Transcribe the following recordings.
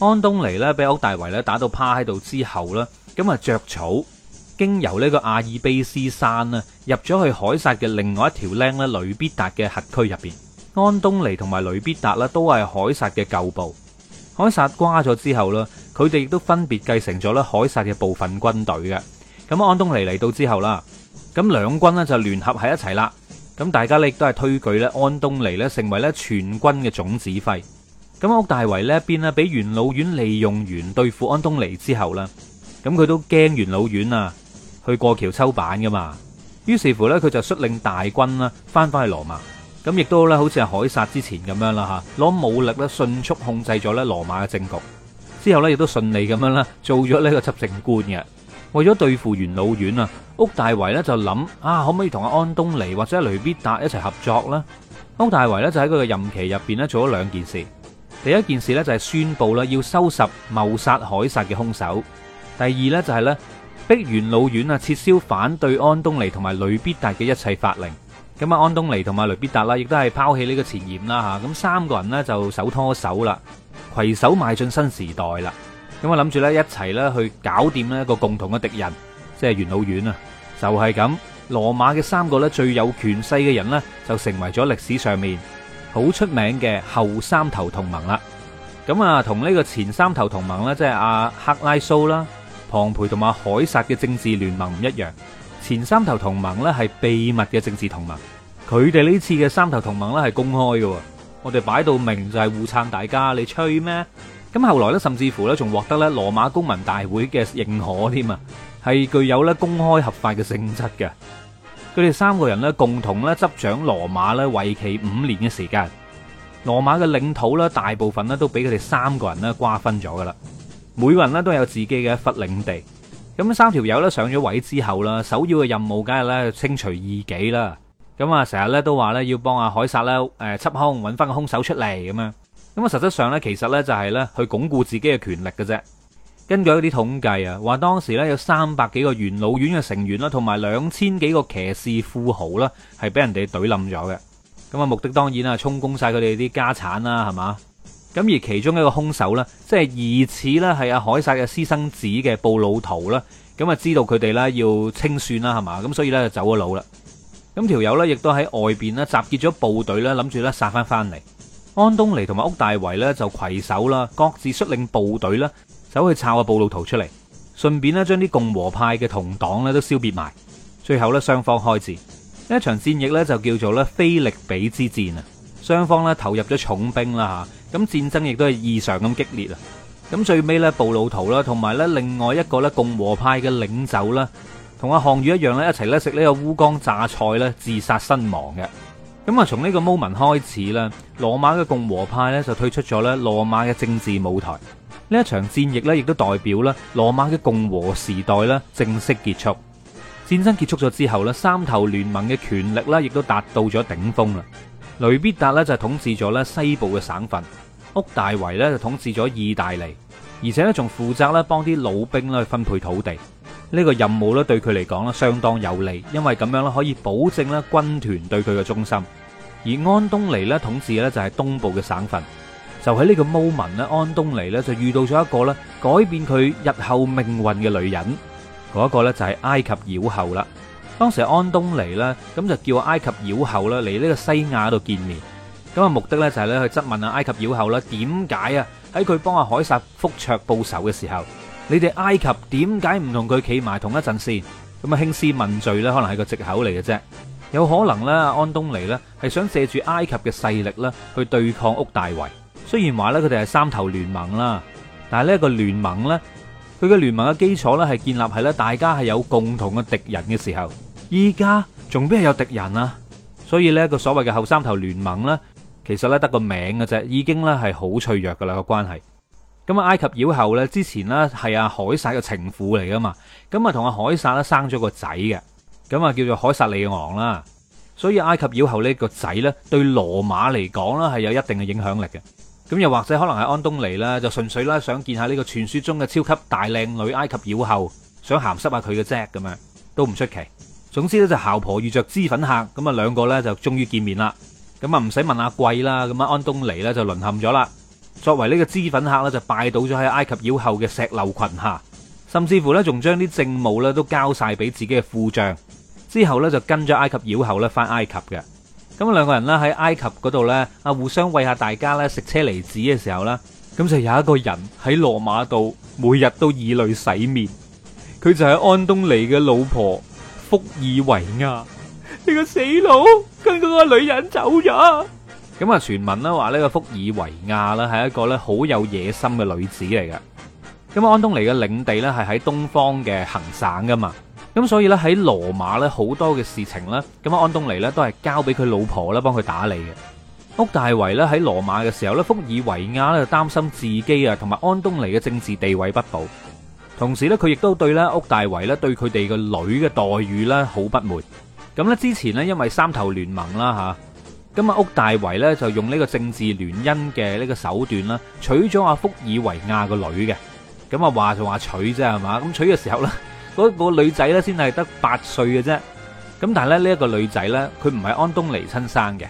安東尼咧俾屋大維咧打到趴喺度之後咧，咁啊着草經由呢個阿爾卑斯山咧入咗去凱撒嘅另外一條靚咧雷必達嘅轄區入邊。安東尼同埋雷必達咧都係凱撒嘅舊部，凱撒瓜咗之後咧，佢哋亦都分別繼承咗咧凱撒嘅部分軍隊嘅。咁安東尼嚟到之後啦，咁兩軍咧就聯合喺一齊啦。咁大家亦都係推舉咧安東尼咧成為咧全軍嘅總指揮。咁屋大維呢，邊咧俾元老院利用完對付安東尼之後呢，咁佢都驚元老院啊，去過橋抽板噶嘛，於是乎呢，佢就率領大軍啦，翻翻去羅馬，咁亦都咧，好似係凱撒之前咁樣啦吓，攞武力咧，迅速控制咗咧羅馬嘅政局，之後呢，亦都順利咁樣咧，做咗呢個執政官嘅。為咗對付元老院啊，屋大維呢，就諗啊，可唔可以同阿安東尼或者雷必達一齊合作咧？屋大維咧就喺佢嘅任期入邊咧做咗兩件事。第一件事呢，就係宣布啦，要收拾謀殺凱撒嘅凶手。第二呢，就係咧，逼元老院啊撤銷反對安東尼同埋雷必達嘅一切法令。咁啊，安東尼同埋雷必達啦，亦都係拋棄呢個前嫌啦吓。咁三個人呢，就手拖手啦，攜手邁進新時代啦。咁啊，諗住呢，一齊呢去搞掂呢一個共同嘅敵人，即係元老院啊。就係咁，羅馬嘅三個咧最有權勢嘅人呢，就成為咗歷史上面。好出名嘅後三頭同盟啦，咁啊同呢個前三頭同盟咧，即係阿克拉蘇啦、龐培同埋凱撒嘅政治聯盟唔一樣。前三頭同盟咧係秘密嘅政治同盟，佢哋呢次嘅三頭同盟咧係公開嘅，我哋擺到明就係互撐大家，你吹咩？咁後來咧甚至乎咧仲獲得咧羅馬公民大會嘅認可添啊，係具有咧公開合法嘅性質嘅。佢哋三個人咧，共同咧執掌羅馬咧，為期五年嘅時間。羅馬嘅領土咧，大部分咧都俾佢哋三個人咧瓜分咗噶啦。每個人咧都有自己嘅一忽領地。咁三條友咧上咗位之後啦，首要嘅任務梗係咧清除異己啦。咁啊，成日咧都話咧要幫阿凱撒咧，誒，緝兇，揾翻個凶手出嚟咁樣。咁啊，實質上咧，其實咧就係咧去鞏固自己嘅權力嘅啫。根據嗰啲統計啊，話當時咧有三百幾個元老院嘅成員啦，同埋兩千幾個騎士富豪啦，係俾人哋懟冧咗嘅。咁啊，目的當然啦，充公晒佢哋啲家產啦，係嘛？咁而其中一個兇手咧，即係疑似咧係阿凱撒嘅私生子嘅布魯圖啦。咁啊，知道佢哋啦要清算啦，係嘛？咁所以呢就走咗佬啦。咁條友呢亦都喺外邊呢集結咗部隊咧，諗住咧殺翻翻嚟。安東尼同埋屋大維呢，就攜手啦，各自率領部隊啦。走去抄個布魯圖出嚟，順便咧將啲共和派嘅同黨咧都消滅埋。最後咧雙方開戰，呢一場戰役呢就叫做咧菲力比之戰啊。雙方咧投入咗重兵啦嚇，咁戰爭亦都係異常咁激烈啊。咁最尾咧布魯圖啦，同埋咧另外一個咧共和派嘅領袖啦，同阿項羽一樣咧一齊咧食呢個烏江榨菜咧自殺身亡嘅。咁啊從呢個 moment 開始啦，羅馬嘅共和派咧就退出咗咧羅馬嘅政治舞台。呢一場戰役咧，亦都代表咧羅馬嘅共和時代咧正式結束。戰爭結束咗之後呢，三頭聯盟嘅權力咧亦都達到咗頂峰啦。雷必達咧就統治咗咧西部嘅省份，屋大維咧就統治咗意大利，而且咧仲負責咧幫啲老兵咧去分配土地。呢個任務咧對佢嚟講咧相當有利，因為咁樣咧可以保證咧軍團對佢嘅忠心。而安東尼咧統治咧就係東部嘅省份。就喺呢個 moment 咧，安東尼咧就遇到咗一個咧改變佢日後命運嘅女人。嗰一個咧就係埃及妖后啦。當時係安東尼啦，咁就叫埃及妖后啦嚟呢個西亞度見面。咁啊目的咧就係咧去質問下埃及妖后啦，點解啊喺佢幫阿凱撒復卓報仇嘅時候，你哋埃及點解唔同佢企埋同一陣線？咁啊，興師問罪咧，可能係個借口嚟嘅啫。有可能咧，安東尼咧係想借住埃及嘅勢力咧去對抗屋大維。雖然話呢，佢哋係三頭聯盟啦，但係呢一個聯盟呢，佢嘅聯盟嘅基礎呢，係建立係呢大家係有共同嘅敵人嘅時候，而家仲邊係有敵人啊？所以呢一個所謂嘅後三頭聯盟呢，其實呢得個名嘅啫，已經呢係好脆弱噶啦個關係。咁啊，埃及妖后呢，之前呢係阿凱撒嘅情婦嚟噶嘛，咁啊同阿凱撒呢生咗個仔嘅，咁啊叫做凱撒里昂啦。所以埃及妖后呢個仔呢，對羅馬嚟講呢，係有一定嘅影響力嘅。咁又或者可能係安東尼啦，就純粹啦想見下呢個傳說中嘅超級大靚女埃及妖后，想鹹濕下佢嘅 Jack 咁樣都唔出奇。總之咧就姣婆遇着脂粉客，咁啊兩個咧就終於見面啦。咁啊唔使問阿貴啦，咁啊安東尼咧就淪陷咗啦。作為呢個脂粉客咧就拜倒咗喺埃及妖后嘅石榴裙下，甚至乎呢，仲將啲政務呢，都交晒俾自己嘅副將，之後呢，就跟咗埃及妖后咧翻埃及嘅。咁兩個人咧喺埃及嗰度咧，啊互相餵下大家咧食車厘子嘅時候咧，咁就有一個人喺羅馬度每日都以淚洗面，佢就係安東尼嘅老婆福爾維亞。你個死佬，跟嗰個女人走咗。咁啊，傳聞咧話呢個福爾維亞咧係一個咧好有野心嘅女子嚟噶。咁啊，安東尼嘅領地咧係喺東方嘅行省噶嘛。咁所以咧喺羅馬咧好多嘅事情呢。咁啊安東尼呢都係交俾佢老婆咧幫佢打理嘅。屋大維咧喺羅馬嘅時候咧，福爾維亞咧就擔心自己啊同埋安東尼嘅政治地位不保，同時咧佢亦都對咧屋大維咧對佢哋個女嘅待遇咧好不滿。咁呢之前呢，因為三頭聯盟啦吓，咁啊屋大維咧就用呢個政治聯姻嘅呢個手段啦，說說娶咗阿福爾維亞個女嘅。咁啊話就話娶啫係嘛，咁娶嘅時候咧。嗰個女仔咧先係得八歲嘅啫，咁但係咧呢一個女仔呢，佢唔係安東尼親生嘅。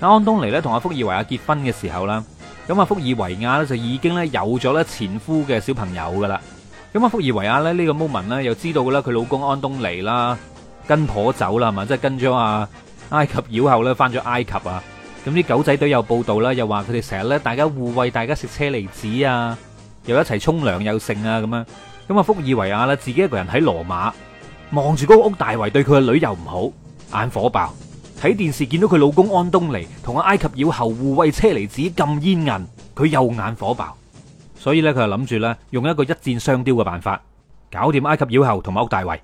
阿安東尼咧同阿福爾維亞結婚嘅時候啦，咁阿福爾維亞呢就已經咧有咗咧前夫嘅小朋友噶啦。咁阿福爾維亞咧呢個 moment 呢又知道噶啦，佢老公安東尼啦跟婆走啦，係嘛？即係跟咗阿埃及妖后咧返咗埃及啊！咁啲狗仔隊又報道啦，又話佢哋成日咧大家互餵，大家食車厘子啊，又一齊沖涼又剩啊咁樣。咁啊，福爾維亞啦，自己一個人喺羅馬，望住嗰個屋大維對佢個女又唔好，眼火爆。睇電視見到佢老公安東尼同阿埃及妖后護衛車厘子咁煙韌，佢又眼火爆。所以咧，佢就諗住咧，用一個一箭雙雕嘅辦法，搞掂埃及妖后同埋屋大維。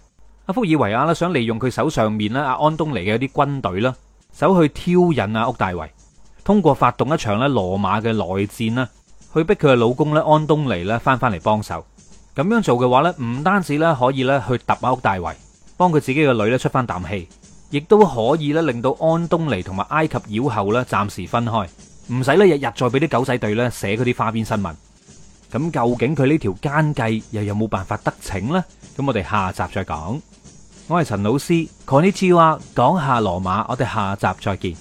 阿福爾維亞咧想利用佢手上面咧阿安東尼嘅啲軍隊啦，走去挑釁阿屋大維，通過發動一場咧羅馬嘅內戰啦，去逼佢嘅老公咧安東尼咧翻翻嚟幫手。咁樣做嘅話呢，唔單止咧可以咧去揼下屋大圍，幫佢自己嘅女咧出翻啖氣，亦都可以咧令到安東尼同埋埃及妖后咧暫時分開，唔使咧日日再俾啲狗仔隊咧寫嗰啲花邊新聞。咁究竟佢呢條奸計又有冇辦法得逞呢？咁我哋下集再講。我係陳老師，講啲大話，講下羅馬，我哋下集再見。